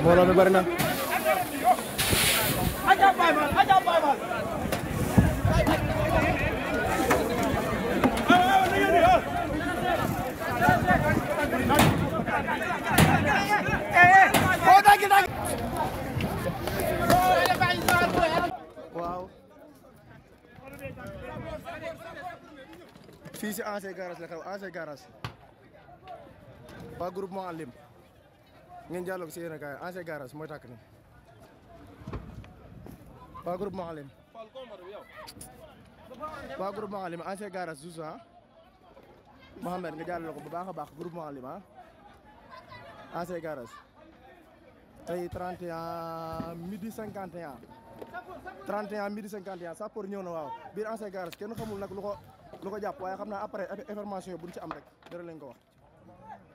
mbooloo mi bari na waaw fii si ancien garage la xew ancien garage waa groupement Alim ngeen jàllale ko si yéen a kaay ancien garage mooy tàkk nii waa groupe Maxalim waa groupe Maxalim ancien garage Zouza ah Mohamed nga jàllale ko bu baax a baax groupe Maxalim ah ancien garage tey 31 midi 51 31 midi 51 sappoor ñëw na waaw biir ancien garage kenn xamul nag lu ko lu ko jàpp waaye xam naa après information yi bu ci am rek dara lañ ko wax.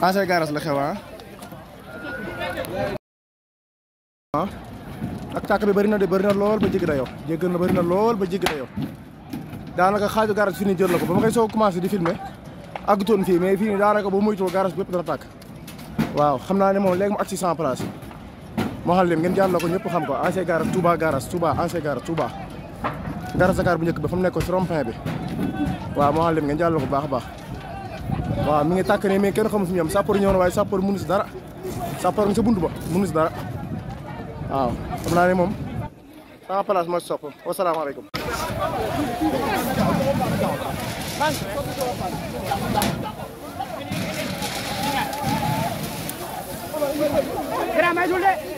ancien la xew ah, ah. ak càkk bi bëri de bëri na lool ba jéggi dayoo jéggi na bëri na lool ba jéggi dayoo daanaka xaaju garage fii nii jël na ko ba ma koy soog commencé di filmer àggutoon fii mais fii nii daanaka boo moytuwul garage bi yëpp dana tàkk waaw xam naa ne moom léegi mu agsi sans place moo xam leen ngeen jàll ko ñëpp xam ko ancien garage Touba garage Touba ancien garage Touba garage Dakar bu njëkk ba fa mu si rond bi waaw moo xam leen ngeen jàll ko bu baax a baax waaw mi ngi tàkk ne mais kenn xamul fu ñu am sapeur ñëw na waaye sapeur mënu si dara sapeur nga sa bunt ba mënu si dara waaw xam naa ne moom sama place moo si sopp wasalaamaaleykum Grand Majul de